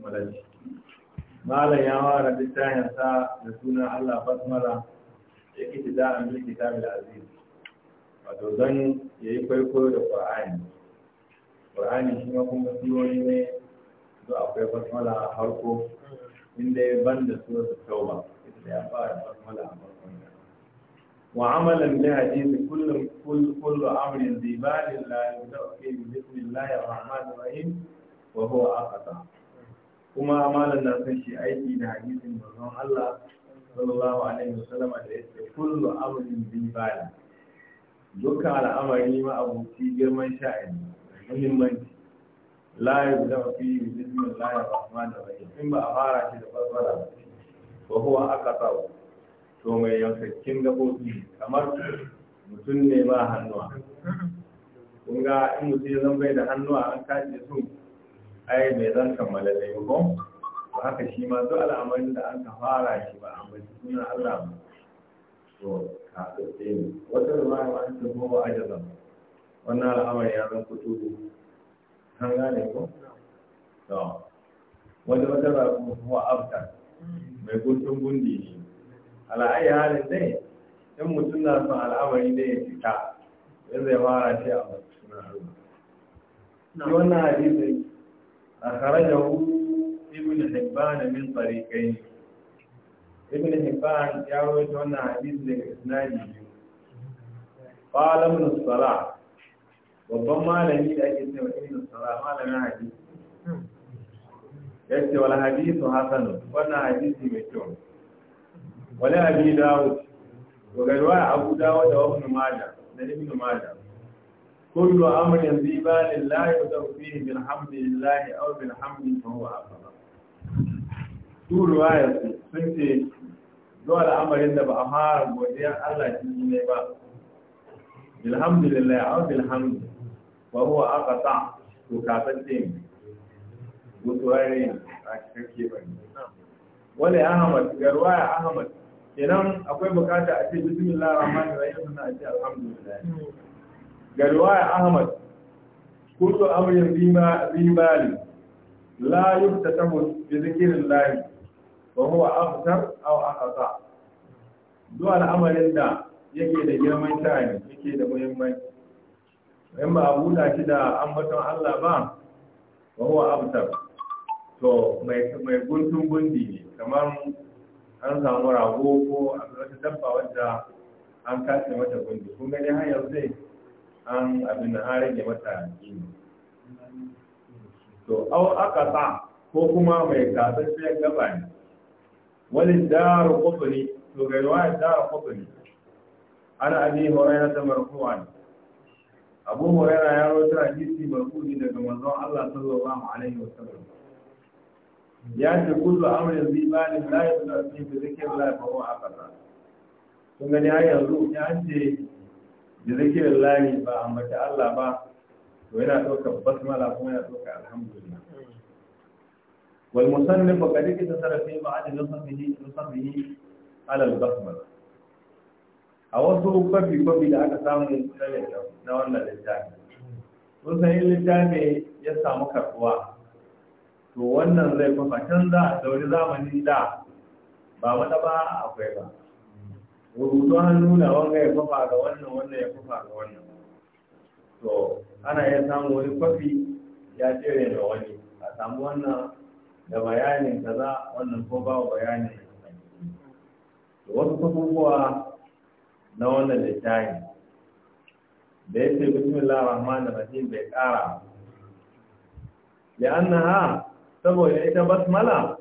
malam ya wara littafin da suna Allah basmala ya kiti da an bilki ta da aziz wato don ya yi kwaikwayo da qur'ani qur'ani shi ma kuma siyoyi ne to akwai basmala a harko inda ya banda suratul tauba ita da ya fara basmala a farkon وعملا بحديث kullum كل كل امر ذي بال لا يبدا فيه بسم الله الرحمن الرحيم وهو اقطع kuma malam na son shi aiki da hadisin manzon Allah sallallahu alaihi wasallam da yake kullu amrin bi bala dukkan al'amari ma abuci girman sha'ani muhimmanci la yabda fi bismillahir rahmanir rahim in ba a fara shi da fasara ba ko huwa aqta to mai yankakkin gabobi kamar mutum ne ba hannuwa kun ga in mutum ya zama bai da hannuwa an kace sun ai mai zan kammala da yi ba haka shi ma zuwa al'amarin da an ka fara shi ba a mai sunan Allah ba to ka tsaye ne wata da ma ba ta ko ba ajaza wannan al'amarin ya zan fito da kan gane ko to wata wata ba kuma abda mai guntun gundi ne ala'ayi halin dai in mutum na son al'amari dai ya fita yanzu zai fara shi a mai sunan Allah. Wannan hadisi أخرجه ابن حبان من طريقين ابن حبان يروي عن حديث الإسناد قال ابن الصلاح babban malami da ake cewa ibn sara malamin hadisi yace wal hadithu hasan wannan hadisi mai kyau wala abi dawud wa garwa abu dawud da ibn majah da ibn majah كل أمر ذي بال لا يدر فيه بالحمد لله أو بالحمد فهو أفضل طول آية سنت دول أمر إن بأمار وديا الله تجيني با بالحمد لله أو بالحمد وهو أقطع وكاتتين وتوارين wale ahmad ga ruwaya ahmad idan akwai bukata a ce bismillahir rahmanir rahim sannan a ce alhamdulillah ga riwaya ahmad kullu amrin bima bimali la yuftatahu zikirin zikrillah wa huwa aftar aw akhata duk al'amarin da yake da girman sha'ani yake da muhimmanci in ba a buɗa shi da ambaton Allah ba wa huwa abtar to mai guntun gundi ne kamar an samu rago ko a wata dabba wadda an kace mata gundi kun gani hanyar zai? an abin da an rage mata yin to au aka sa ko kuma mai kasasshiyar gaba ne wani daru kufuri to ga riwayar daru kufuri ana abi horaya ta marfuwa ne abu horaya ya rota hadisi marfuwi daga manzon Allah sallallahu alaihi wasallam ya ce kullu amrin zibalin la yusrafu bi zikrillah fa huwa aqsa kun gani har yanzu ya ce da zikirin lahi ba ambata Allah ba to yana ɗaukar basmala kuma yana ɗaukar alhamdulillah wal musannif qad iktasara fi ba'd nusbihi nusbihi ala al basmala a wasu babi babi da aka samu na wannan littafi sun san yin littafi ya samu karbuwa to wannan zai kwafa can za a dauri zamani da ba mata ba akwai ba rubutu hannu na wanga ya kwafa ga wannan wannan ya kwafa ga wannan to ana iya samu wani kwafi ya tere da wani a samu wannan da bayanin kaza wannan ko ba bayanin to wasu kwafukuwa na wannan littafi da ya ce bismillah rahman rahim bai kara li'annaha saboda ita basmala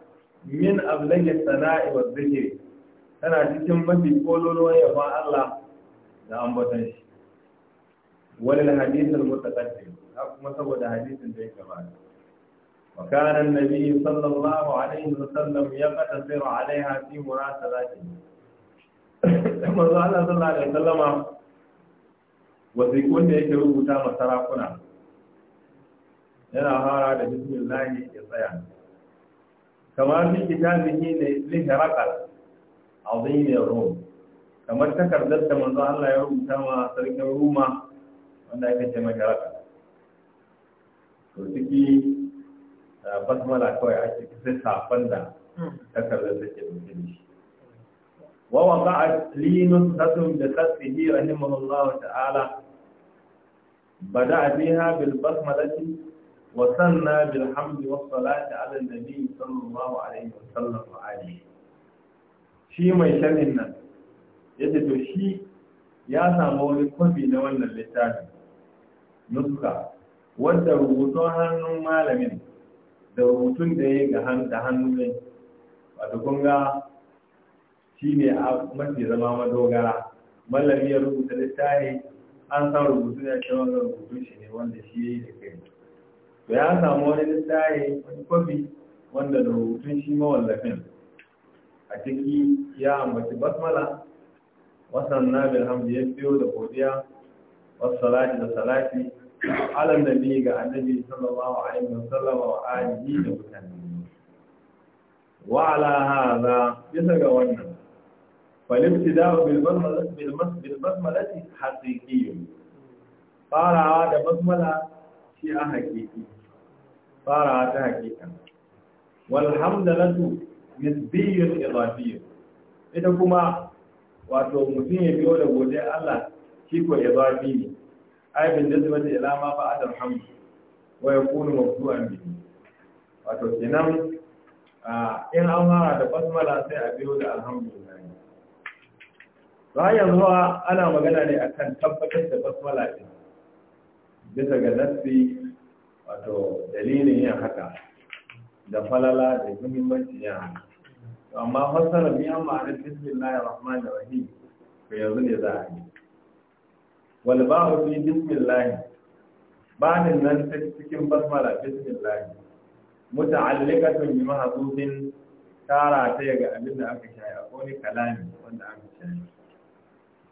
min ablagi sana'i wa zikiri tana cikin mafi kololuwan yabon Allah da ambatan shi wani hadisin mutakaddi ha kuma saboda hadisin da ya gabata wa kana annabi sallallahu alaihi wa sallam yaqtasir alaiha fi murasalatihi manzo Allah sallallahu alaihi wa sallama da yake rubuta ma sarakuna yana hara da bismillah ya tsaya kamar ne عظيم يا روم كما تكر ذلك من ضع الله يوم كما تركه روما وانا يكتما كرقا وذكي آه، بس ملا كوي عشي كسيسا فندا تكر ذلك المجلس ووضع لين خسم رحمه الله تعالى بدأ بها بالبصمة التي وصلنا بالحمد والصلاة على النبي صلى الله عليه وسلم وعليه shi mai sanin nan yace to shi ya samu wani kwafi na wannan littafin nuska wanda rubutun hannun malamin da rubutun da ya ga da hannu ne wato kun ga shi ne a mafi zama madogara malami ya rubuta littafi an san rubutu ya ce wanda rubutun shi ne wanda shi ya yi da kai to ya samu wani littafi wani kwafi wanda da rubutun shi mawallafin a ciki ya ambaci basmala wasan nabil hamdi ya biyo da godiya wasalati da salati da nabi ga annabi sallallahu alaihi wasallam wa alihi da mutane wa ala hadha bisa ga wannan فالابتداء بالبسملة حقيقي فارعا دا بسملة شيء حقيقي فارعا تا حقيقا والحمد لله nisbiyyun idafiyyun ita kuma wato mutum ya biyo da godiya Allah shi ko zafi ne ai bin da zama da ilama ba adam hamdu wa yakunu mabdu'an bi wato kenan in an fara da basmala sai a biyo da alhamdulillah bayan zuwa ana magana ne akan tabbatar da basmala din bisa ga nassi wato dalilin yin haka da falala da muhimmancin yara amma fassara na ma'anar bismillahir rahmanir rahim ko yanzu ne za a yi wal ba'u fi bismillah ba'din nan cikin basmala bismillah muta'alliqatun bi mahdhufin tara ta ga abin da aka shaya ko ne kalami wanda aka shaya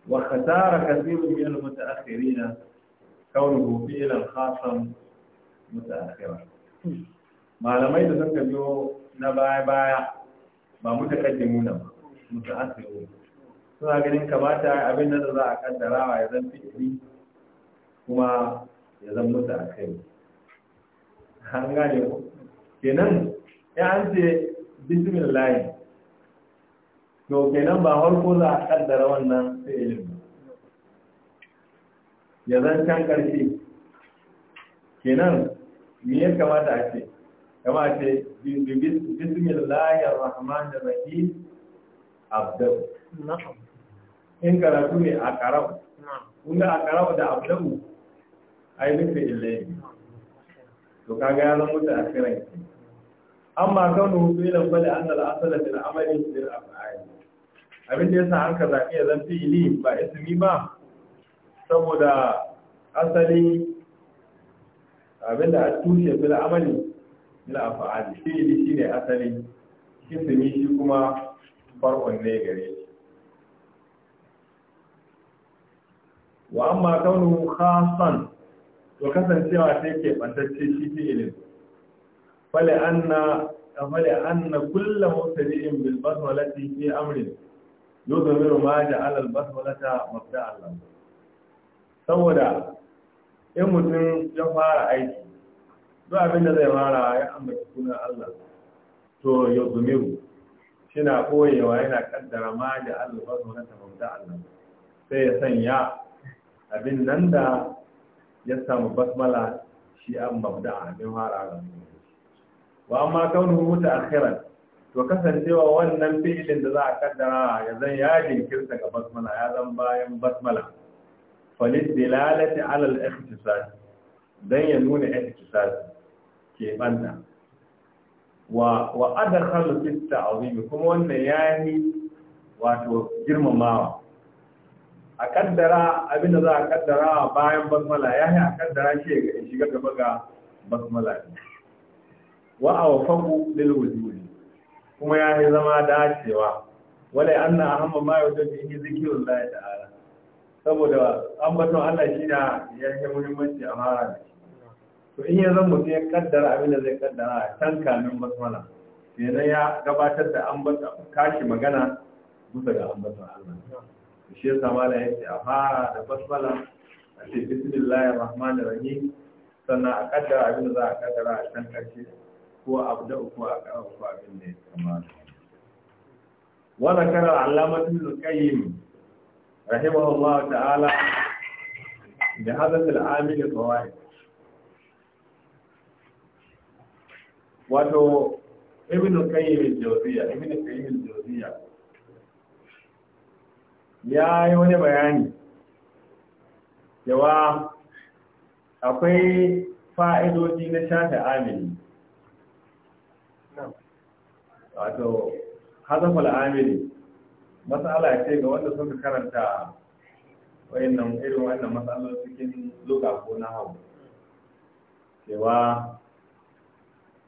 wa khatara kathirun min al-mutaakhirin kawruhu fi'lan khasan mutaakhira malamai da suka biyo na baya-baya ba muka kaddi muna ba muka asiru suna ganin kamata abin da za a wa ya zan fitri kuma ya zan mutu a kai an gane ku kenan ya an ce bismillah to kenan ba harko za a kaddara wannan fi'ilin ya zan can ƙarfi kenan me ya kamata a ce kama ce bismillahir rahmanir rahim abdau in karatu ne a karau Wanda a karau da abdau ai nufi illai to kaga ya zama da akiran amma kanu filan bada an al'asala fil amali fil af'ali abin da yasa an ka zabi ya zan fi'ili ba ismi ba saboda asali abin da tushe fil amali la afa'ali fi'ili shine asali ismi shi kuma farkon ne gare shi wa amma kaunu khasan to kasancewa sai ke bantacce shi fi'ilin fale anna fale anna kullu mutadi'in bil basmalati fi amrin yuzmiru ma ja'ala al basmalata mabda'a lahu saboda in mutum ya fara aiki duk abin da zai mara ya ambaci sunan Allah to ya zumiru shina koyewa yana kaddara ma da Allah ba su nata bauta Allah sai ya sanya abin nan da ya samu basmala shi an mabda abin fara wa amma a muta'akhiran to kasancewa wannan fi'ilin da za a kaddara ya zan ya jinkirta ga basmala ya zan bayan basmala falid dilalati ala al-ikhtisas dan ya nuna ikhtisas keɓanta wa wa adakhalu fi ta'zimi kuma wannan yayi wato girmamawa a kaddara abinda za a kaddara bayan basmala yayi a kaddara shi ga shiga gaba ga basmala wa awfaqu lil wujudi kuma yayi zama dacewa wala anna ahamma ma yawjadu fi zikrillah ta'ala saboda an ambaton Allah shi da yake muhimmanci a mara da shi to in ya zan mutu ya kaddara abin da zai kaddara a can kamin basmala kenan ya gabatar da ambata kashi magana bisa ga ambatan Allah shi yasa mala ya ce a fara da basmala a ce bismillahir rahmanir rahim sannan a kaddara abin da za a kaddara a can kashi ko abu da uku a kawo ko abin da ya kamata wa zakara alamatul qayyim rahimahullah ta'ala bi hadath al-amil qawaid wato ibn al-qayyim al-jawziya ibn al-qayyim al-jawziya ya yi wani bayani cewa akwai fa'idoji na shafi amini wato hazafal amini matsala ce ga wanda suka karanta wayannan irin wannan matsalar cikin luka ko na hau cewa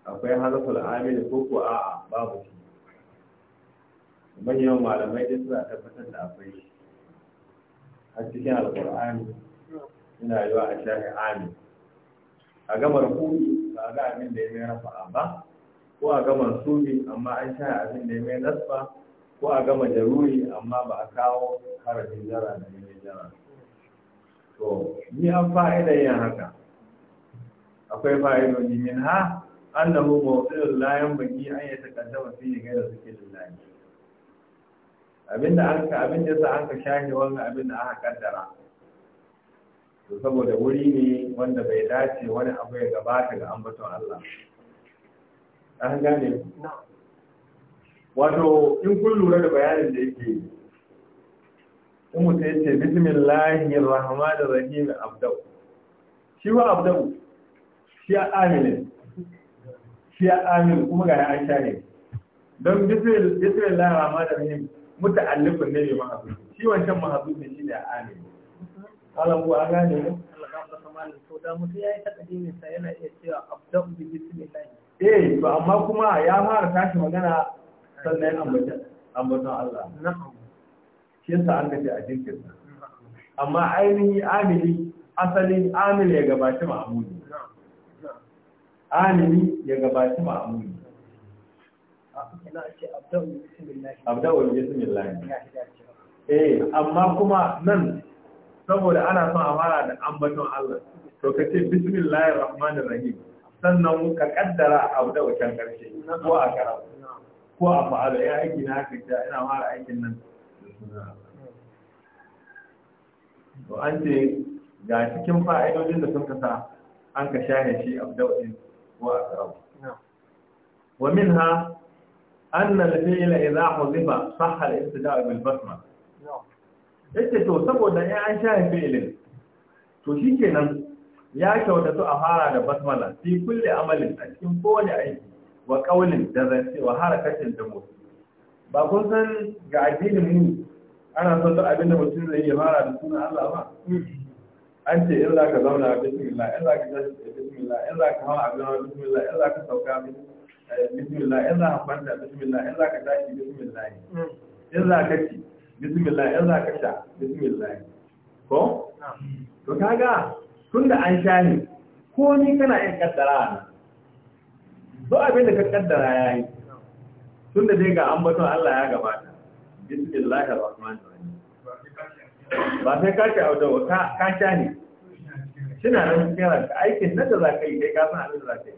akwai harful amil ko ko a'a babu shi manyan malamai din suna tabbatar da akwai shi a cikin alkur'ani ina yiwa a shafi amin a gamar kuni ba a ga abin da ya mai rafa ba ko a gamar subi amma an sha abin da ya mai nasba ko a gama jaruri amma ba a kawo harafin jara da mai jara to ni an fa'ida yin haka akwai fa'idodi min ha annahu mawdu'un la baki an yataqaddama fihi ghayra zikrillah abinda aka abinda yasa aka shafe wannan abinda aka kaddara to saboda wuri ne wanda bai dace wani abu ya gabata ga ambaton Allah an gane wato in kun lura da bayanin da yake yi in mutum yace bismillahir rahmanir rahim abdau shi wa abdau shi a aminin shi amin kuma ga an ne. don bismillah rahman rahim muta'allifin ne mai mahazu shi wancan mahazu ne shi da amin Allah ku an gane ne Allah ka fasa malin to da mutu yayi takadimin sa yana iya cewa abda'u bi bismillah eh to amma kuma ya fara tashi magana sannan ya ambata ambaton Allah na'am shi yasa an gaje a jinkirta amma ainihi amili asalin amil ya gabaci ma'amuli Alimi ya gabaci ma'amuni abda'ul bismillah eh amma kuma nan saboda ana son a fara da ambaton Allah to ka ce bismillahir rahmanir rahim sannan ka kaddara abda'u kan karshe ko a karatu ko a fa'ala ya aiki na haka ina fara aikin nan to an ce ga cikin fa'idodin da sun kasa an ka shahe shi abda'u din وأقرب ومنها أن الفعل إذا حذف صح الاستداء بالبسمة yake to saboda ya an shahi fi'ilin to shikenan ya kyautatu a fara da basmala fi kulli amalin a cikin kowane aiki wa qaulin da zance wahala harakatin da motsi ba kun san ga addinin mu ana son duk abin da mutum zai yi fara da sunan Allah ba mm. an ce in za ka zauna bismillah in za ka tashi eh, bismillah in za ka hawa abin hawa bismillah in za ka sauka eh, bismillah in za ka kwanta bismillah in za ka tashi bismillah in za ka ci bismillah in za ka sha bismillah ko to kaga tun da an sha ne ko ni kana yin kaddara ne duk abin da ka kaddara ya yi tun da dai ga an bato Allah ya gabata bismillahir rahmanir rahim ba sai ka ce a wajen ka sha ne suna nan cikin ranka aikin na da za ka yi kai ka san abin da za ka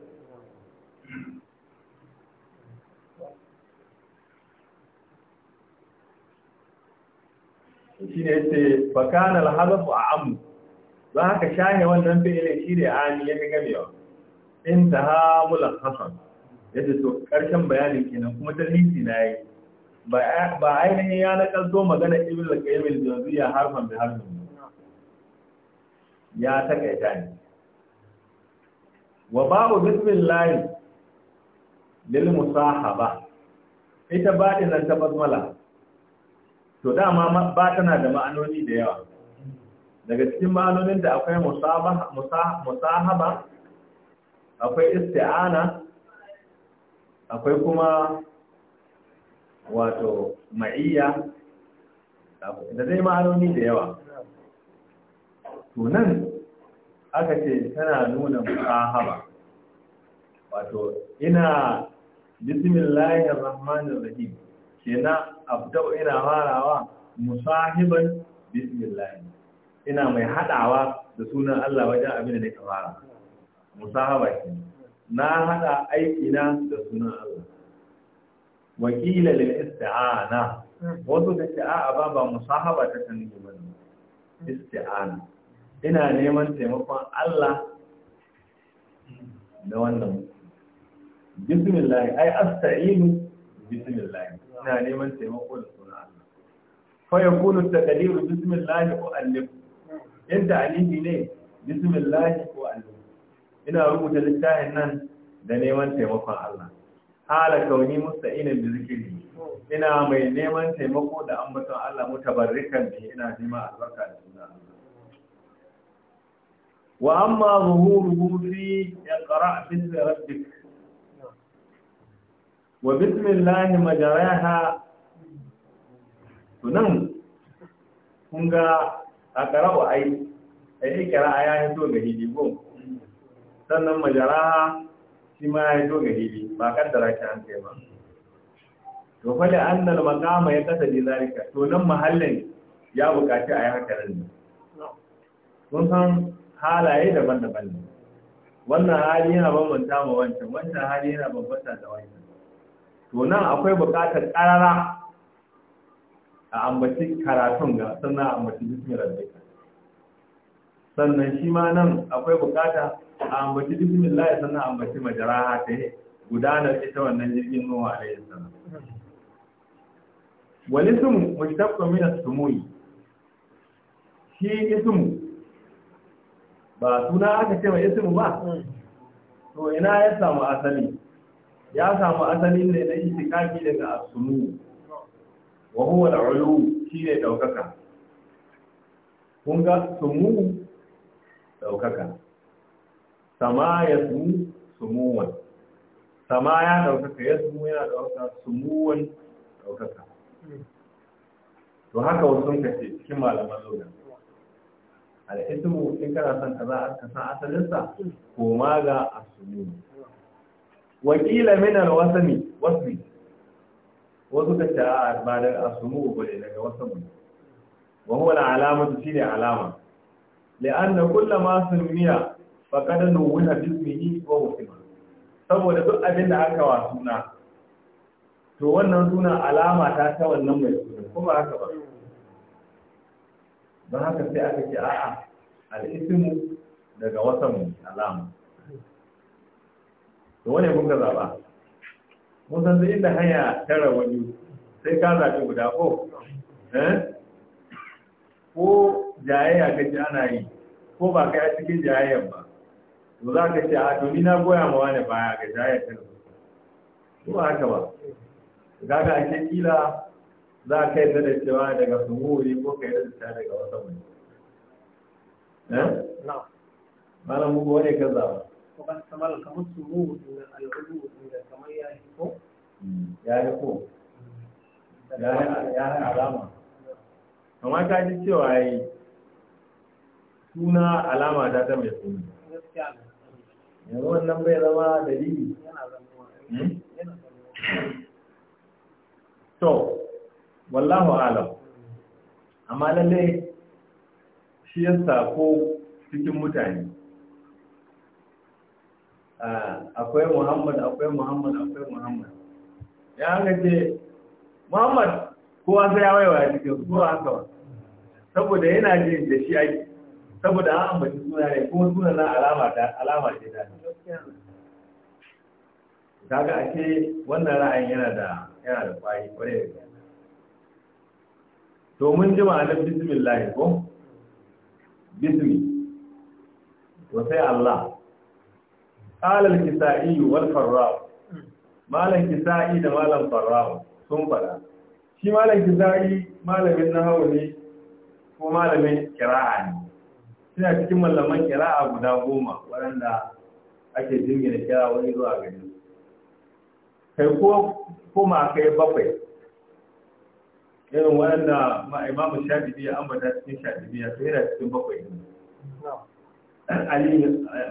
yi shi ne ce bakanar halafu a amu ba haka shahe wannan fi'ilin shi ne ni ya fi gamewa in ta hamulan hasan yadda to ƙarshen bayanin kenan kuma dalili na yi ba ainihin ya nakalto magana ibn al-qayyim al-jawziyya harfan bi harfin ya takaita ne wa babu layi lil musahaba ita ba din nan ta basmala to dama ba tana da ma'anoni da yawa daga cikin ma'anonin da akwai ba akwai isti'ana akwai kuma wato ma'iyya da zai ma'anoni da yawa tunan aka ce tana nuna musahaba wato ina bismillahir rahmanir rahim kenan abda'u ina farawa musahiban bismillah ina mai haɗawa da sunan Allah wajen abin da nake fara musahaba ke. na hada aiki na da sunan Allah wakila lil isti'ana hmm. wasu da ce a ba ba musahaba ta kan nufi ba hmm. isti'ana ina neman taimakon Allah da wannan bismillah ai astaeenu bismillah ina neman taimako da sunan Allah fa yakunu taqdiru bismillah ko alif inda alifi ne bismillah ko alif ina rubuta littafin nan da neman taimakon Allah hala kauni musta'inin da zikiri ina mai neman taimako da ambaton Allah mutabarrikan da ina nema albarka da suna wa amma zuhuruhu fi iqra bi rabbik wa bismillah majaraha tunan kun ga a qara'u ai ai qira'a ya hito ga hidigo sannan majaraha shi ma ya zo ga hili ba kaddara ki an kai ba to fa da annal maqama ya kasa da zalika to nan mahallin ya bukaci a yi haka nan kun san halaye daban-daban ne wannan hali yana bambanta ma wancan wancan hali yana bambanta da wancan to nan akwai bukatar karara a ambaci karatun ga sannan a ambaci bismi rabbika sannan shi ma nan akwai bukata a ambaci bismillah sannan ambaci majaraha ta gudanar ita wannan jirgin nuwa alaihi salam wal ismu mushtaqqu min su sumuyi shi ismu ba suna aka ce mai ismu ba to ina ya samu asali ya samu asali ne na itikaki daga asunu wa huwa da ulu shi ne daukaka kun ga sumu ɗaukaka sama ya sumu sumuwan sama ya ɗaukaka ya sumu yana ɗaukaka sumuwan ɗaukaka to haka wasu ka ce cikin malaman lauda al'ismu in kana son ka za ka san asalinsa ko ma ga asumu wakila minar wasami wasmi wasu ka ce a ba daga asumu ba ne daga wasamu wa huwa alamatu ne alama la'anna kullama sumiya faqad nuwina bismihi wa usima saboda duk abinda aka wa suna to wannan suna alama ta ta wannan mai suna kuma haka ba don haka sai aka ce a'a al'isimu daga wasan alama to wane kun ga zaba mun san inda hanya ta rawayu sai ka zaɓi guda ko eh ko jayayya ka ji ana yi ko ba kai a cikin jayayyar ba to za ka ce a domin na goya ma wani baya ga jayayyar ta ko ba haka ba za ka ake kila za ka yi da cewa daga sumuri ko ka yi da cewa daga wata wani eh? malam muku wani ka zaba kamar kamar sumuri da al'ubu da kamar ya ko hmm, ya ko hmm. ya alama amma ka ji cewa yi suna alama ta ta mai suna yanzu wannan bai zama dalili hmm? to wallahu alam amma lallai shi ya sako cikin mutane ah, akwai muhammad akwai muhammad akwai muhammad ya haka ce muhammad kowa sai ya waiwa cikin kowa haka saboda yana jin da shi ake saboda an ambaci suna ne kuma suna na alama ta alama ce ta ga ake wannan ra'ayin yana da yana da kwayi kwarai da to mun ji ma'anar bismillah ko bismi wa sai Allah qala al-kisa'i wal farra malan kisa'i da malan farra sun fara shi malam kizari malamin na hawa ne ko malamin kira'a ne suna cikin malaman kira'a guda goma waɗanda ake jingina kira wani zuwa gani. kai ko kuma kai bakwai irin waɗanda imamu shafi'i ya ambata cikin biyu ya yana cikin bakwai ne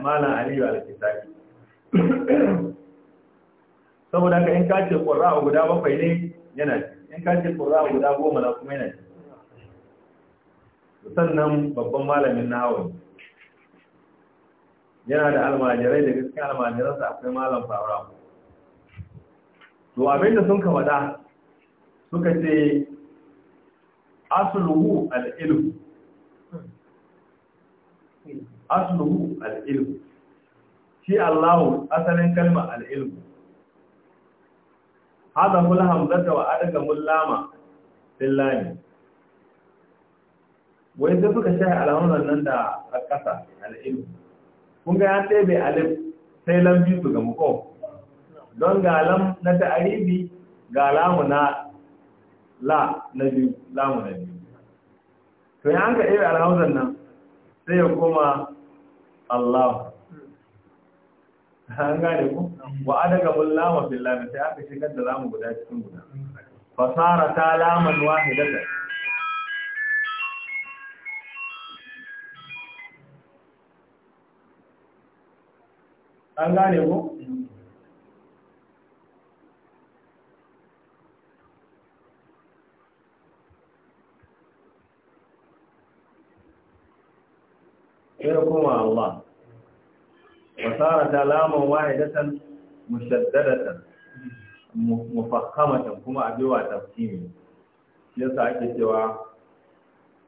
malam aliyu al saboda ka in kace ƙwararra guda bakwai ne yana in ka ce ƙura guda goma na kuma yana sannan babban malamin na hawa. yana da almajirai da gaske almajiransa akwai malam fara to abinda sun ka suka ce asuluhu al'ilu. al'ilu shi allahu asalin kalma al'ilu. haza mul hamzata wa adaka mul lama billahi wai sai suka shahi alhamdulillah nan da kasa al'ilm kun ga ya ɗebe alif sai lam ga muko don ga lam na ta'aribi ga lamu na biyu to ya an ka ɗebe alhamdulillah nan sai ya koma Allah an gane ku wa adaga bul lama bil lam sai aka shigar da lamu guda cikin guda fasara ta laman wahidatan an gane ku ya kuma Allah fasara ta lamun wahidatan mushaddadatan mufakkamatan kuma a biwa tafsiri yasa ake cewa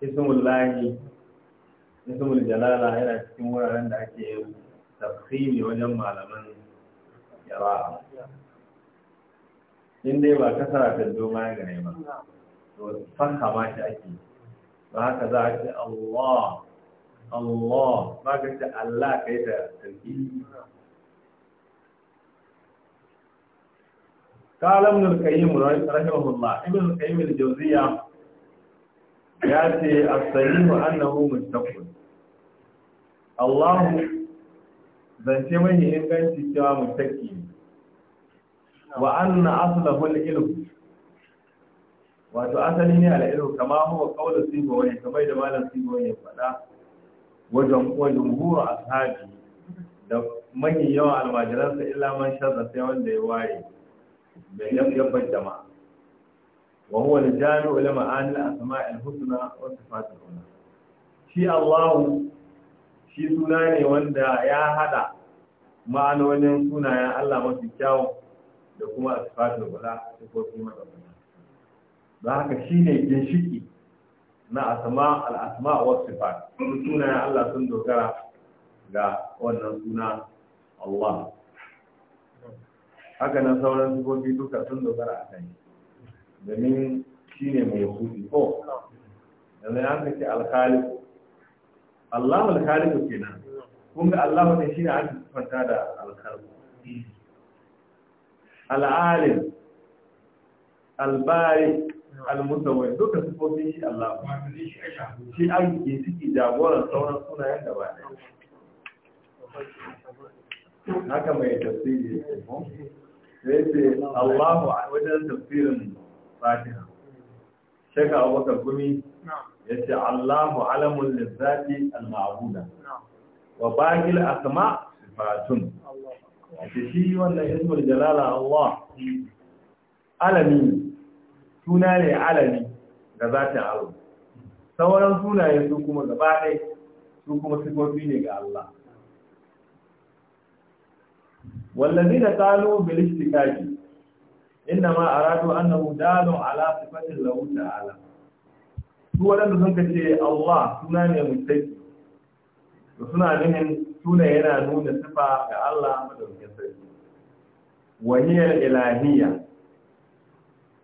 ismul lahi ismul jalala yana cikin wuraren da ake tafsiri wajen malaman yara in dai ba kasara ta zo magana ba to fakka ma shi ake ba haka za a ce Allah الله ما قلت الله كيف تنكيل قال ابن القيم رحمه الله ابن القيم الجوزية يأتي الصليم أنه مستقبل الله زنتمه إنك تتوى مستقيم وأن أصله الإلو وتؤثرني على الإلو كما هو قول السيبوين كما يدمان السيبوين فلا wajen wajen huru ashabi da mafi yawan almajiransa illa man shazza sai wanda ya waye bai yabbar jama'a wa huwa al-jami'u ila ma'anil asma'il husna wa sifatil ula shi Allah shi suna ne wanda ya hada ma'anonin sunayen Allah mafi kyawun da kuma sifatil kuma sifofin madaukaka Da haka shine ginshiki na asama al'asma wa sifat sunayen Allah sun dogara ga wannan suna Allah haka nan sauran sifofi duka sun dogara a kai domin shi ne mai hudu ko yanzu ya kace alkaliku. Allah alkhaliku kenan kun ga Allah wani shi ne aka sifanta da alkaliku. al'alim albari al-musawwir duka sifofin shi Allah shi an ke ciki jagoran sauran sunayen da ba ne haka mai tafsiri da ya ce Allahu a wajen tafsirin Fatiha Sheka Abubakar Gumi ya ce Allahu alamun lizzati al-ma'buda wa baqil asma sifatun ce shi wannan ismul jalala Allah alami suna ne alami da zatin Allah sauran sunaye su kuma gaba ɗaya su kuma sifofi ne ga Allah wallazi da kalu ma a innama aradu annahu dalun ala sifatin lahu ta'ala su waɗanda sun ce Allah suna ne mutaki to suna nihin suna yana nuna sifa ga Allah madaukakin sarki wa hiya ilahiyya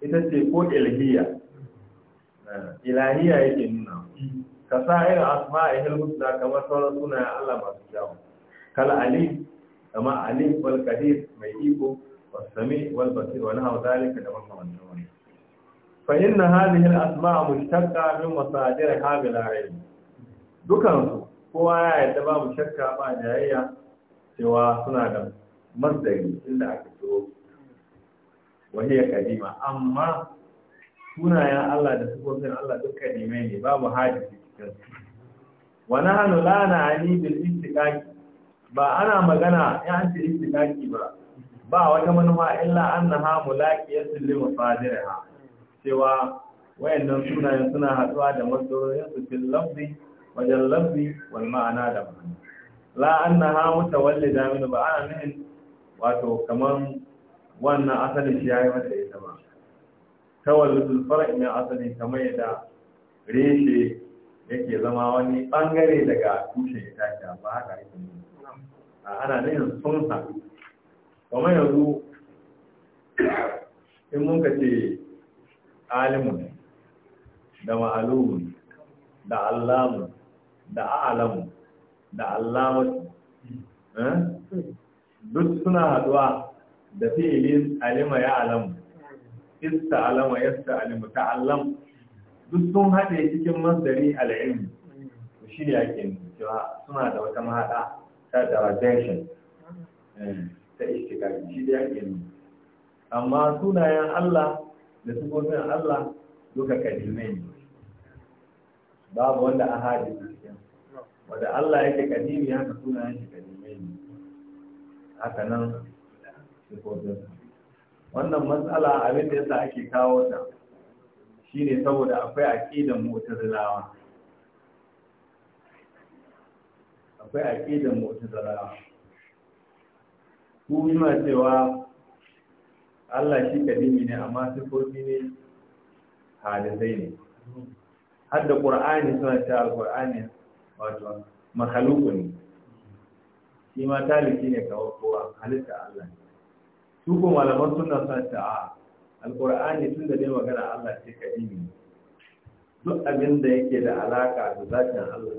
ita ce ko ilhiyya ilahiya yake nuna ka sa irin asma a ihil husna kamar sauran sunayen Allah masu jawo, kal ali kama ali wal kadir mai iko wasami wal basir wani hau zalika da makamantan wani fa inna hadhihi al asma mushtaqqa min masadir habil ilm dukansu kowa ya yarda babu shakka ba jayayya cewa suna da masdari inda aka ciro wahiyar kadima amma sunayen Allah da sufofin Allah duk kadimai ne babu hadisi wani hannu na ani bil istiqaqi ba ana magana ya ce istiqaqi ba ba wata manufa illa annaha mulaqiyatul li mafadirha cewa wayannan sunayen suna haduwa da masdarorin su fil lafzi wajen lafzi wal ma'ana da ma'ana la annaha mutawallida min ba ana wato kaman wannan asalin shi ya yi mata ita ba tawallutul far'i min asali kamar yadda reshe yake zama wani bangare daga tushen a ba haka yake ne a ana nan yanzu sun sa kamar yanzu in mun ka ce alimun da ma'alumun da allamun da a'alamun da allamun eh? duk suna haduwa da fi'ilin alima ya alamu ista alama yasta alimu ta alam duk sun haɗe cikin masdari al'ilmi to shi ya ke cewa suna da wata mahaɗa ta derivation eh, ta ishtikari shi ne ake amma sunayen Allah da sifofin Allah duka kadimai ne babu wanda a haɗe cikin wanda Allah yake kadimi haka sunayen shi kadimai ne haka nan wannan matsala abin da yasa ake kawo ta shine saboda akwai aqidan mu'tazilawa akwai aqidan mu'tazilawa ku ma cewa Allah shi kadimi ne amma sifofi ne halizai ne har da qur'ani suna cewa qur'ani wato makhluqun shi ma talibi ne kawo kowa halitta Allah ne su malaman suna sa ta a alƙur'ani tun da magana Allah ce ka ne, duk abin da yake da alaka da zakin Allah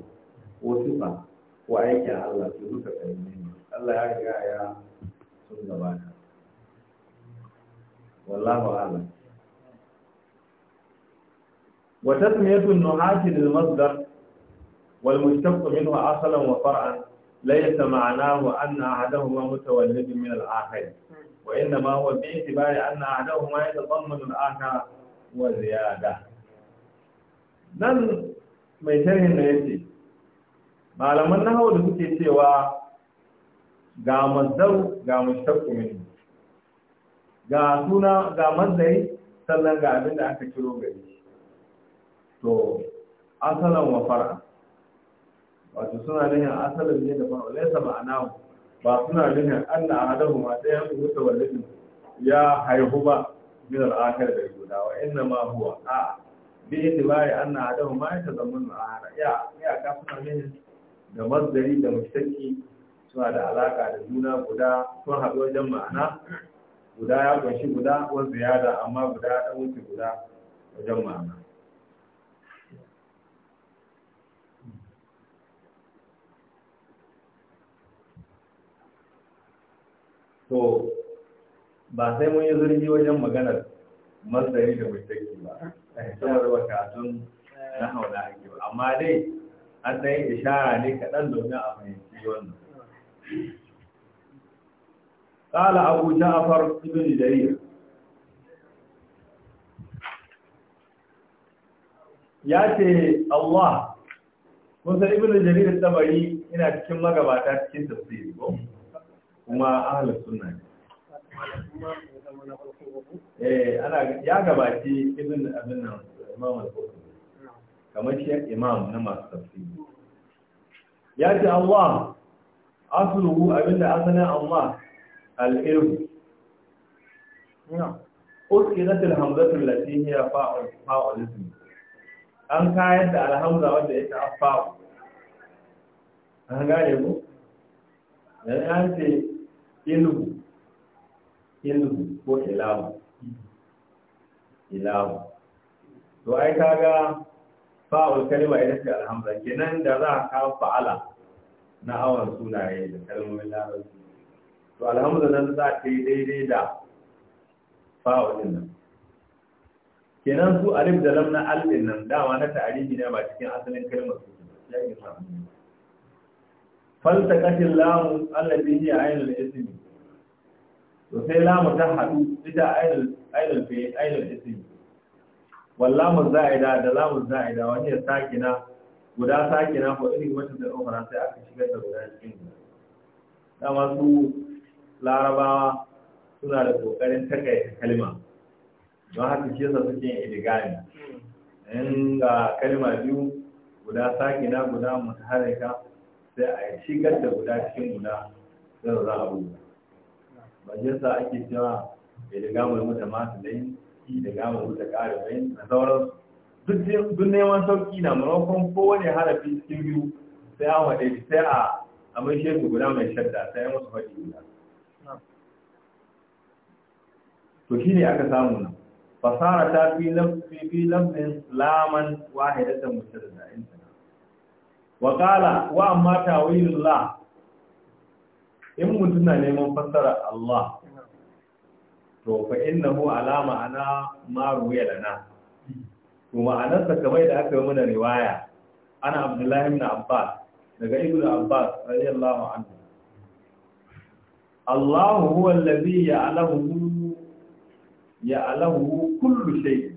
ko sifa ko aikin Allah su duka ka ne, Allah ya riga ya sun gabata wallahu a'lam wa tasmiyatu nuhati lil masdar wal mushtaq minhu asalan wa far'an laysa ma'anahu anna ahadahuma mutawallidun min al-akhar وإنما هو باعتبار أن أحدهما يتضمن الآخر وزيادة nan mai sharhin na yace malaman nahawu da suke cewa ga mazdar ga mushtaqqu min ga suna ga mazdari ga abin aka kiro gari to asalan wa far'a wato suna nihin asalin ne da far'a laysa ma'anahu ba suna nuna anna ahadahu ma ɗayan su wuta walidin ya haihu ba min al'akar da guda wa inna ma huwa a bi itibai anna ahadahu ma ya tazammanu ahada ya ya ka suna nuna da mazdari da mataki suna da alaka da juna guda sun haɗu wajen ma'ana guda ya kunshi guda ya ziyada amma guda ya ɗan wuce guda wajen ma'ana to ba sai mun yi zurfi wajen maganar masari da mutaki ba saboda da bakatun na haula ake ba amma dai an ɗaya ishara ne kaɗan domin a fahimci wannan قال أبو جعفر بن جرير ya ce Allah kun san ibn jarir tabari ina cikin magabata cikin tafsiri ko kuma ahalar suna ne eh, ya gabaci ibn abin nan imam al-qurtubi kamar shi imam na masu tafsiri ya ce Allah asluhu abinda asalin Allah al-ilm أسكنت ta التي ya فاعل فاعل اسم an kayan yadda alhamza wanda ya ta fawo an gane ku dan an ce ilu ilu ko ilahu ilahu to ai kaga fa'ul kalima ita ce alhamza kenan da za ka fa'ala na awon sunaye da kalmomin larabci to alhamza nan za ta yi daidai da fa'ul nan kenan su alif da lam na alif nan dama na ta'arifi ne ba cikin asalin kalmar su ya yi samu فالتقت اللام التي هي عين الاسم وسي لام تحد إذا عين عين في عين الاسم واللام da, ده لام الزائدة وهي ساكنة guda sakina ko irin wata da ukra sai aka shigar da guda cikin da masu larabawa suna da kokarin takaita kalma don haka shi yasa suke idigami in ga kalma biyu guda sakina guda sai a shigar da guda cikin guda zan za a rubuta sa ake cewa ya da gamar wuta masu dai yi da gamar wuta ƙarin bai na sauran duk neman sauki na maimakon kowane harafi cikin biyu sai an waɗe sai a a mai shaidu guda mai shadda sai an wasu faɗi guda to shi ne aka samu nan fasara ta fi lamfin laman wahidatan mutu da da'inta wa wa amma tawilullah in mutum na neman fassara Allah to fa innahu alama ana ma ruya lana to sa kamar da aka yi mana riwaya ana Abdullahi ibn Abbas daga Ibn Abbas radiyallahu anhu Allah huwa allazi ya'lamu ya'lamu kullu shay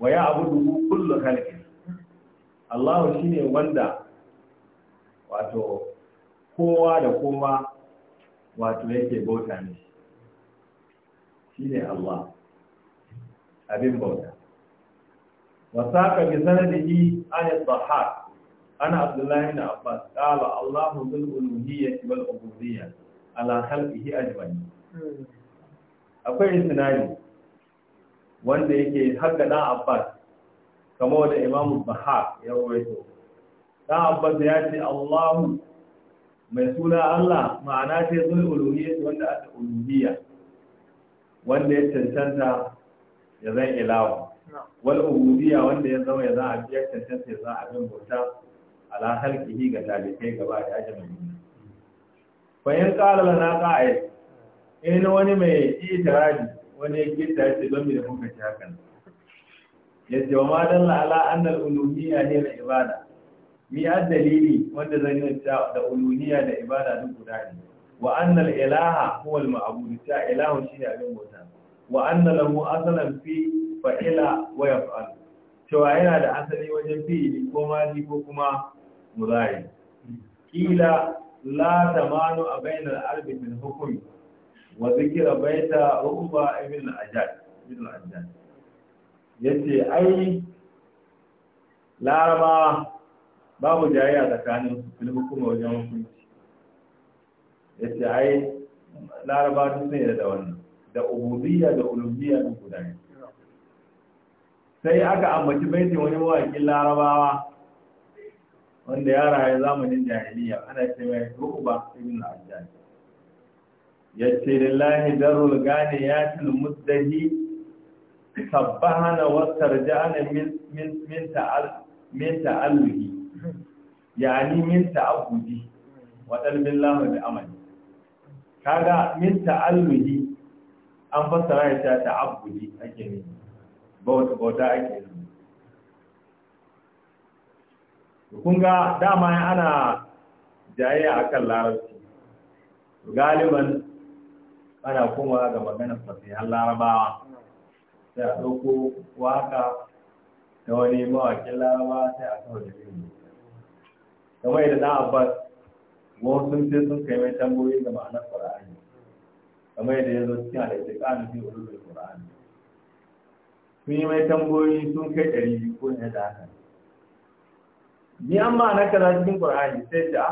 wa ya'budu kullu khalqi Allah shine wanda wato kowa da kowa wato yake bauta ne shi ne Allah abin bauta ka bi sanadihi an al-bahar ana abdullahi na abbas qala Allahu bil uluhiyyati wal ubudiyyah ala khalqihi ajma'in akwai isnadi wanda yake hadda dan abbas kamar da imamu bahar ya rawaito dan abbas ya ce allahu mai suna allah ma'ana ce zul uluhiyya wanda aka uluhiyya wanda ya cancanta ya zan ilawa wal uluhiyya wanda ya zama ya za a biya cancanta ya za a bin bauta ala halqihi ga talibai gaba da ajami fa yan qala na qa'id in wani mai itiradi wani ya ta ce don mai kuka ci hakan ya ce wa madan la'ala annal uluhiyya ne na ibada mi har dalili wanda zan yi da uluhiyya da ibada duk guda ne wa annal ilaha huwa al ma'bud ta ilahu shine abin bauta wa anna lahu asalan fi fa'ila wa yaf'al cewa yana da asali wajen fi'ili ko mali ko kuma mudari kila la tamanu a bainal arbi min hukmi wa zikira baita ruba ibn al-ajad ibn ce ajad yace ai babu jayayya tsakanin su fil hukuma wajen hukunci yace ai laraba duk ne da wannan da ubudiyya da ulubiyya da guda ne sai aka ambaci baitin wani mawakin larabawa wanda ya rayu zamanin jahiliya ana ce mai ruba ibn al-ajjaj yace lillahi darul gani yatil muddahi sabbahana wa tarja'ana min min min ta'al min ta'alluhi yani min ta'abudi wa talbin lahu bi amali kaga min ta'alludi an fassara ya ta ta'abbudi ake ne bauta bauta ake ne kun ga dama ana jayayya akan larabci galiban ana komawa ga maganar fasihan larabawa sai a ɗauko waka ta wani mawakin larabawa sai a kawo da biyu kamar yadda na abbas wasu sun ce sun kai mai tambayoyi ga ma'anar qur'ani kamar yadda ya zo cikin al-iqan fi ulul qur'ani sun yi mai tambayoyi sun kai ɗari biyu ko ne da haka ni an ma'anar kaza cikin qur'ani sai da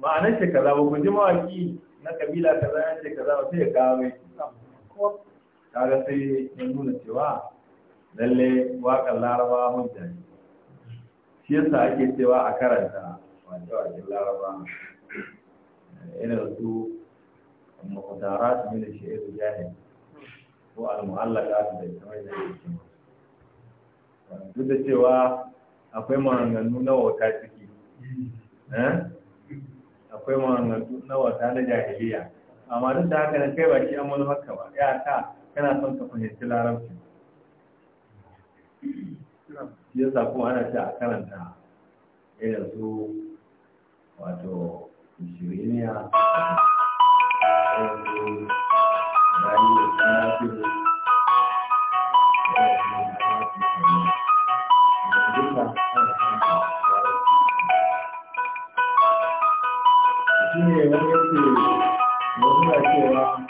ma'anar ah, ce kaza ba ku ji mawaki na kabila kaza ya ce kaza ba sai ya kawo mai kaga sai ya nuna cewa lalle waƙar laraba hujja shi yasa ake cewa a karanta a jin laraba da su mukutara su ne da shi'ir jahil ko al-mu'allaka da kamar da yake duk da cewa akwai maganganu na wata ciki eh? akwai maganganu na wata na jahiliya amma duk da haka na kai ba shi an wani haka ba ya ta kana son ka fahimci larabci yasa kuma ana ce a karanta irin su wato shiriniya shi ne wani yake wasu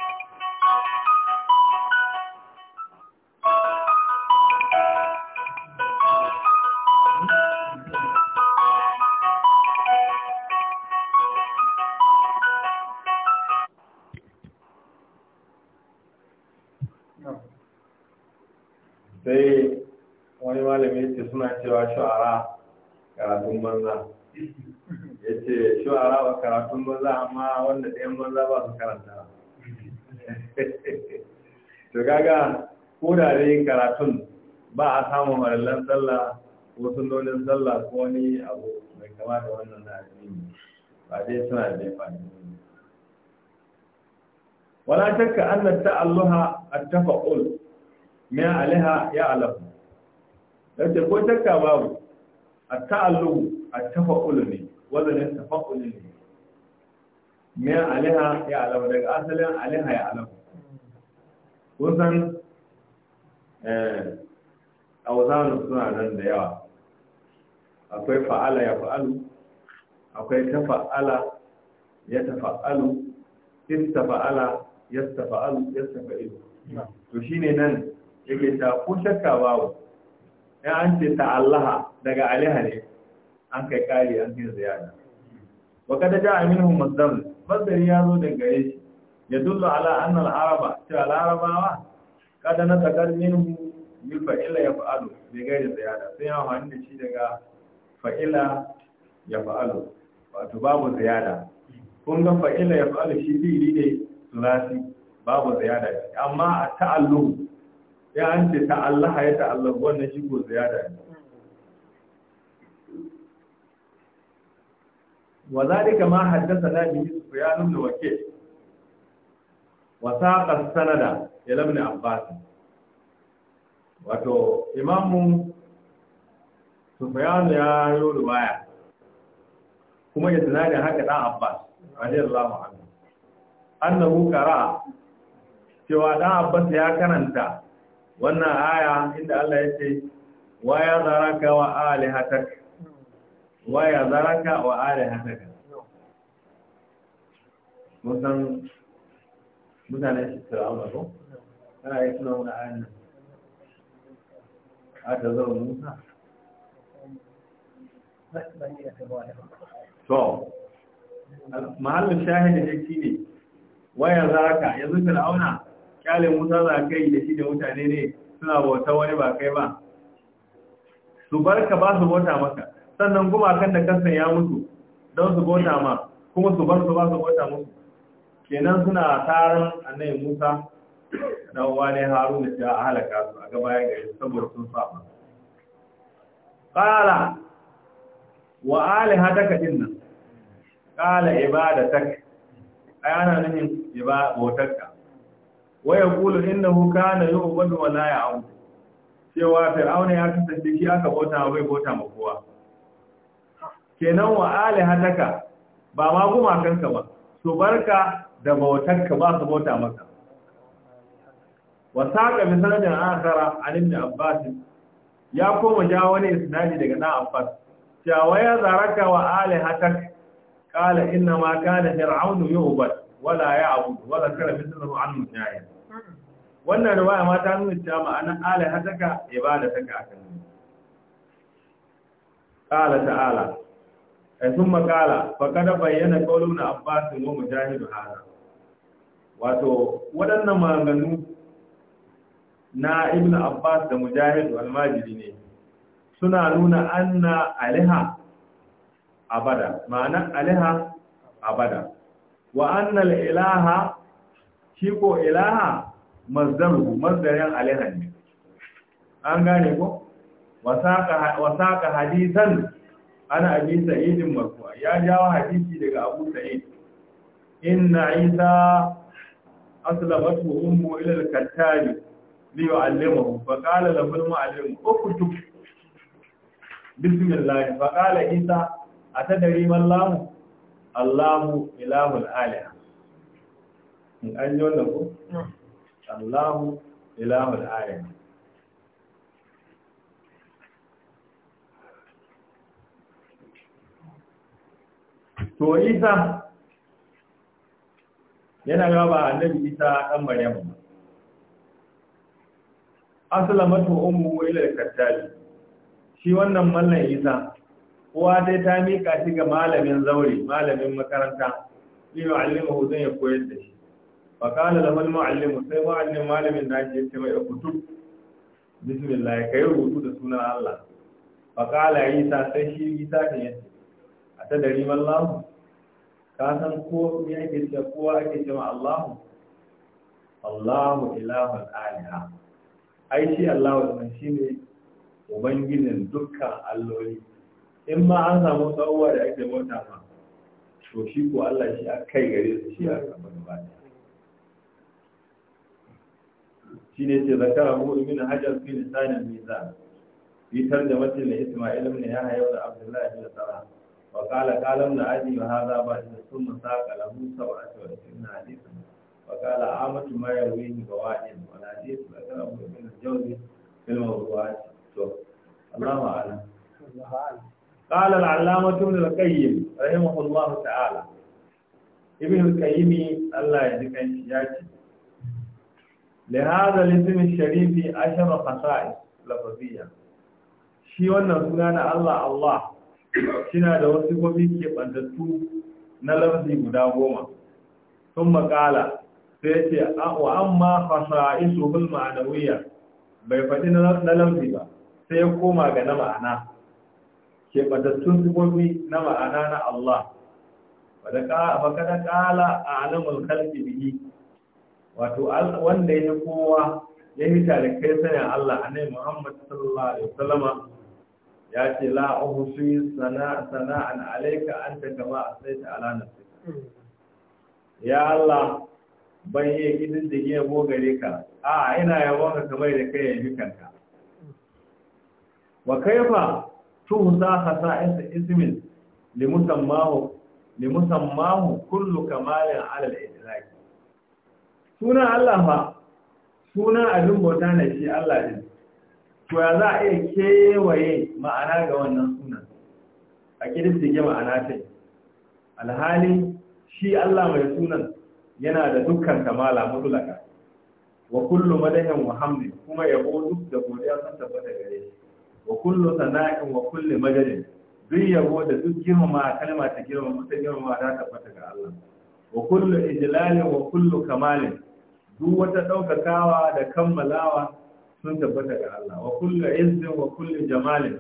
yin karatun ba a samun marallan sallah ko sunnonin sallah ko wani abu mai kama da wannan na addini ba dai suna da fa'ida wala shakka Alluha a tafa Ul min alaiha ya alaf ce ko shakka babu a taallu a tafa Ul ne wazanin Ul ne min alaiha ya alafu daga asalin alaiha ya alafu kun san Eh, a suna nan da yawa akwai fa'ala ya fa'alu akwai ta fa'ala ya ta fa'alu ta fa'ala ya ta fa'alu ya ta fa'ilu to shi ne nan yake ta ko shakka babu ya an ce Allah daga aliha ne an kai kari an kai ziyara wa kada ja minhum mazdar mazdar ya zo daga gare ya dullo ala anna al-araba ta al-arabawa kada na tsakar minhu bil fa'ila ya fa'alu bai gaida ziyada sai ya amfani da shi daga fa'ila ya fa'alu wato babu ziyada kun ga fa'ila ya fa'alu shi fi'ili ne sulasi babu ziyada amma a ta'allu ya an ce ta'allaha ya ta'allahu wannan shi ko ziyada ne وذلك ما حدثنا به سفيان بن وكيع وساق السند ila ibn abbas wato imamu sufyan ya yi ruwaya kuma ya tunani haka dan abbas radiyallahu anhu annahu qara cewa dan abbas ya karanta wannan aya inda Allah ya ce wa ya zaraka wa alihatak wa ya zaraka wa alihataka mutan mutane shi fir'auna ko kana yi suna wani ayan nan a ta zama musa to mahallin da shi ne waya za ka yanzu fir'auna kyale musa za ka yi da shi da mutane ne suna bauta wani ba kai ba su ka ba su bauta maka sannan kuma kan da kasan ya mutu don su bauta ma kuma su bar su ba su bauta musu kenan suna tarin annabi musa dan uwa ne Haruna ya halaka su a gaba ya gari saboda sun saba qala wa alihataka dinnan qala ibadatak ai ana nufin iba Kulu wa yaqulu innahu kana yu'budu wa la ya'budu cewa fir'auna ya kasance shi aka bauta bai bota ma kowa kenan wa alihataka ba ma gumakanka ba su barka da bautarka ba su bota maka wa saka misalin akhara an ibn abbas ya koma ja wani isnadi daga dan abbas ya waya zaraka wa hatak qala inna ma kana fir'aun yu'bad wala ya'bud wala kana mithluhu an mujahid wannan riwaya ma ta nuna cewa ma'anar alihataka ibadataka akan qala ta'ala ثم قال bayyana بين abbas wa mujahid hada wato waɗannan maganganu na ibn abbas da mujahid al-majidi ne suna nuna anna aliha abada ma'ana aliha abada wa annal ilaha shi ko ilaha mazdaru mazdarin alaha ne an gane ko wasaka hadisan ana abi sa'idin marfu'a ya jawo hadisi daga abu sa'id inna isa aslamatu ummu ila al-kattabi ليعلمه فقال له المعلم اكتب بسم الله فقال عيسى أتدري ما الله الله إله الآلهة an yi wannan ko? Allahu ilahul To Isa yana gaba annabi Isa dan Maryam aslamatu ummu ila al-kattabi shi wannan mallan isa uwa dai ta mika shi ga malamin zauri, malamin makaranta li zan ya koyar da shi fa kana lahu al-mu'allimu sai mu'allim malamin da yake ce mai rubutu bismillah kai rubutu da sunan Allah fa kana isa sai shi isa ne ta dari wallahu ka san ko me yake ce kowa ake cewa Allahu Allahu ilahul aliha ai shi Allah wannan shine ubangijin dukkan alloli in ma an samu tsawuwa da ake bauta ma to shi ko Allah shi a kai gare su shi a gaba gaba shi ne ce zakara mu ibn hajar fi lisanin mizan fi tarjamatin da isma'il ibn yahya da abdullahi ibn sara wa qala qala ibn abi wa hadha ba in summa saqa lahu sab'atu wa na aji wa qala amatu ma yawihi bawaid wa hadith zakara mu ibn الجوز في الموضوعات الله أعلم قال العلامة ابن القيم رحمه الله تعالى ابن القيم الله يهديك انشجاج لهذا الاسم الشريف عشر خصائص لفظية shi wannan suna na Allah Allah shina da wasu gobi keɓantattu na lafazi guda goma sun makala sai ce wa amma fasa'isuhul ma'anawiyya bai faɗi na lamzi ba sai ya koma ga na ma'ana keɓatattun sifofi na ma'ana na Allah da ƙala a alamun kalfi bihi wato wanda ya kowa ya yi kai sanin Allah a nai Muhammad sallallahu alaihi wasallama ya ce la uhusi sana'an alaika an ta-gama a asaita ala nafsika hmm. ya Allah ban yi gidan da ya gare ka a ina yawon ka kamar da kai yayi kanka wa kaifa sa khasa'is ismin li musammahu kullu kamalin ala al-idrak Suna Allah fa suna abin bauta ne shi Allah din to ya za a iya kewaye ma'ana ga wannan sunan a ke ma'ana ta alhali shi Allah mai sunan yana da dukkan kamala mutulaka wa kullu madahin wa hamdi kuma yabo duk da godiya sun tabbata gare shi wa kullu sana'in wa kullu majalin duk yabo da duk girma kalma ta girma, ta girmama ta tabbata ga Allah wa kullu ijlalin wa kullu kamalin duk wata daukakawa da kammalawa sun tabbata ga Allah wa kullu izzin wa kullu jamalin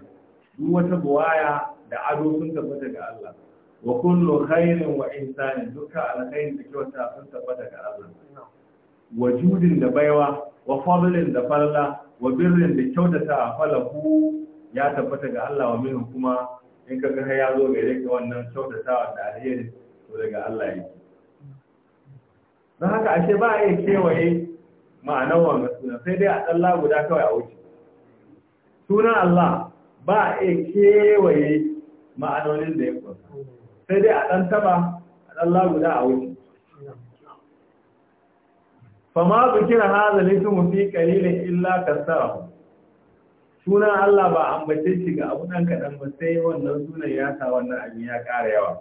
duk wata buwaya da ado sun tabbata ga Allah wa kullu khairin wa ihsanin duka alkhairin da kyauta sun tabbata ga Allah wa judin da baiwa wa fadlin da falala wa birrin da kyautata a falahu ya tabbata ga Allah wa minhu kuma in ka ga ya zo gare ka wannan kyautata da alheri to daga Allah yake dan haka ashe ba a iya kewaye ma'anar wanga suna sai dai a tsalla guda kawai a wuce sunan Allah ba a iya kewaye ma'anonin da ya kwasa sai dai a ɗan taba a tsalla guda a wuce fama zikira hadha lismu fi qalilin illa kasara suna Allah ba ambace shi ga abu dan kadan ba sai wannan sunan ya sa wannan abin ya ƙara yawa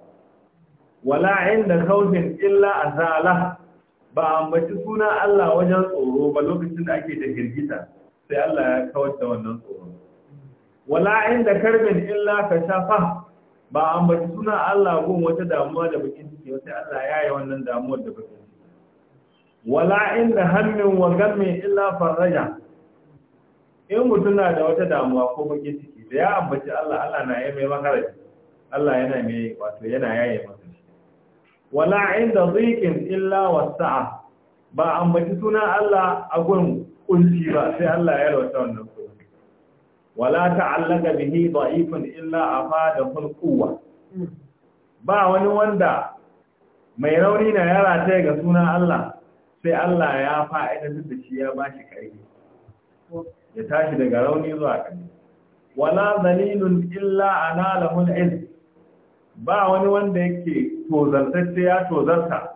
wala inda khawfin illa azala ba ambaci suna Allah wajen tsoro ba lokacin da ake da girgita sai Allah ya kawar da wannan tsoro wala inda karbin illa kashafa ba ambaci suna Allah gun wata damuwa da bakin ciki sai Allah ya yi wannan damuwar da bakin wala inda hannun wa gamin illa farraja in mutum na da wata damuwa ko baki ciki da ya ambaci Allah Allah na yayi mai makaraji Allah yana mai wato yana yaye masa wala inda dhikin illa wasa'a ba ambaci suna Allah a gurin kunci ba sai Allah ya rawata wannan kuma wala ta'allaka bihi dha'ifun illa afada kul quwwa hmm. ba wani wanda mai rauni na yara ta ga sunan Allah sai Allah ya fa'idatar da shi ya ba shi ƙarfi ya tashi daga rauni zuwa ƙarfi wala zalilun illa ana ilm ba wani wanda yake tozartacce ya tozarta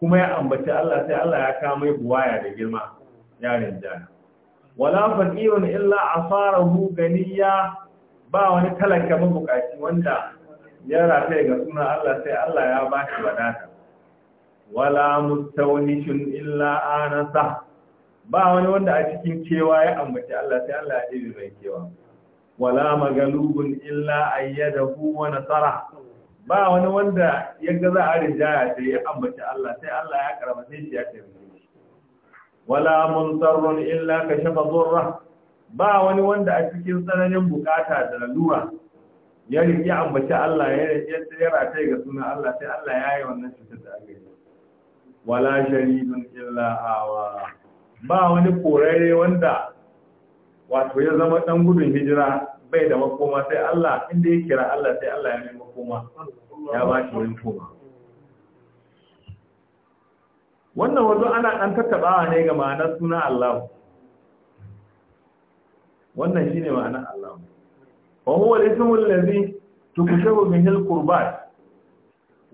kuma ya ambaci Allah sai Allah ya kama buwaya da girma yarin jana wala faqirun illa asarahu ganiya ba wani talaka mabukaci wanda ya rafe ga sunan Allah sai Allah ya ba shi wadata wala mustawnishun illa anasa ba wani wanda a cikin cewa ya ambaci Allah sai Allah ya dibi mai kewa wala magalubun illa ayyadahu wa nasara ba wani wanda ya ga za a rijaya sai ya ambaci Allah sai Allah ya karama sai shi ya taimake wala munsarrun illa kashafa dhurra ba wani wanda a cikin tsananin bukata da lalura ya rike ambaci Allah ya ya tsira ga sunan Allah sai Allah ya yi wannan cutar da aka yi wala sharidun illa awa ba wani korare wanda wato ya zama dan gudun hijira bai da makoma sai Allah inda ya kira Allah sai Allah ya nemi makoma ya ba shi wani koma wannan wato ana dan tattabawa ne ga ma'anar suna Allah wannan shine ma'anar Allah wa huwa al-ismu allazi tukushabu bihi al-qurbat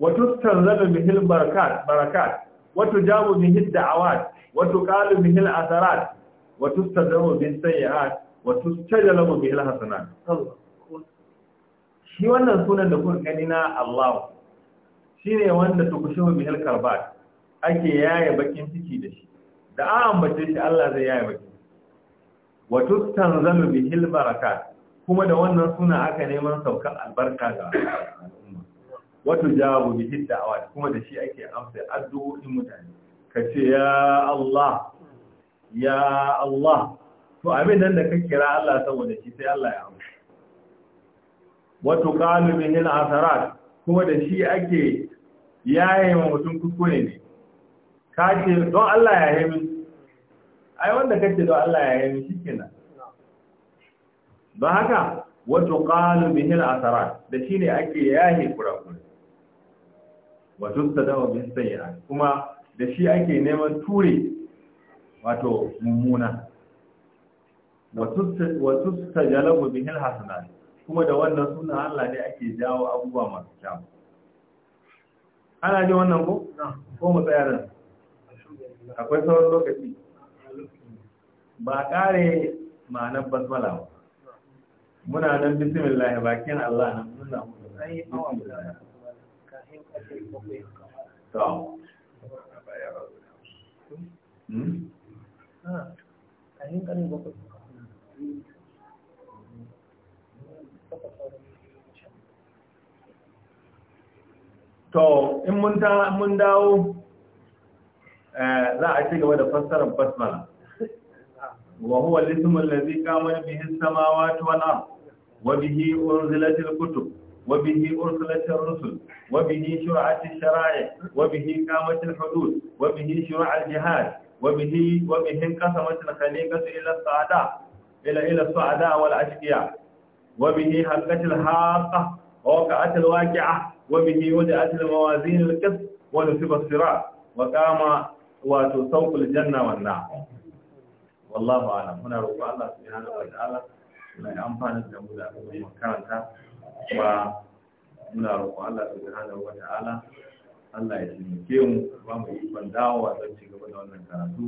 wa tustanzalu bihi al-barakat barakat وتجاب به الدعوات وتقال به الأثرات وتستدعو به السيئات وتستجلب به الحسنات shi wannan sunan da kun gani na Allah ne wanda tukushu bihil karbat ake yaya bakin ciki da shi da an ambace shi Allah zai yaya bakin wa tanzalu bihil barakat kuma da wannan suna aka neman saukar albarka ga al'umma wato jawabu bi hidda'awa kuma da shi ake amsa addu'o'in mutane ka ce ya Allah ya Allah to abin nan da ka kira Allah saboda shi sai Allah ya amsa Wata qalu min al-asarat kuma da shi ake yaye ma mutum kuskure ne ka ce don Allah ya yi min ai wanda ka ce don Allah ya yi min shikenan ba haka wata qalu min al-asarat da shi ne ake yaye kurakure wato sadawa bin sayya kuma da shi ake neman ture wato mummuna wato sajalabu bin hasana kuma da wannan sunan Allah ne ake jawo abubuwa masu kyau ana ji wannan ko ko mu tsaya akwai sauran lokaci ba kare ma'anar basmala ba muna nan bismillah bakin Allah nan muna mu Hmm? to in mun ta mun dawo eh, za a ci gaba da fassarar basmala wa huwa al-ismu alladhi qama bihi as-samawati wal wa bihi unzilatil kutub وبه أرسلت الرسل وبه شرعت الشرائع وبه قامت الحدود وبه شرع الجهاد وبه وبه انقسمت الخليقة إلى السعداء إلى إلى السعداء والأشقياء وبه حلقت الحاقة ووقعت الواقعة وبه وضعت الموازين القسط ونصب الصراط وقام وتسوق الجنة والنار والله أعلم هنا رب الله سبحانه وتعالى لا ينفع نفسه ولا أبدا ba muna roƙon Allah subhanahu wata ala Allah ya taimake mu ba mu yi ikon dawowa don ci gaba da wannan karatu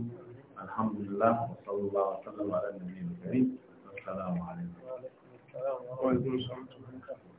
alhamdulillah wa sallallahu alaihi wa sallama ala nabiyyi karim assalamu alaikum wa wa rahmatullahi barakatuh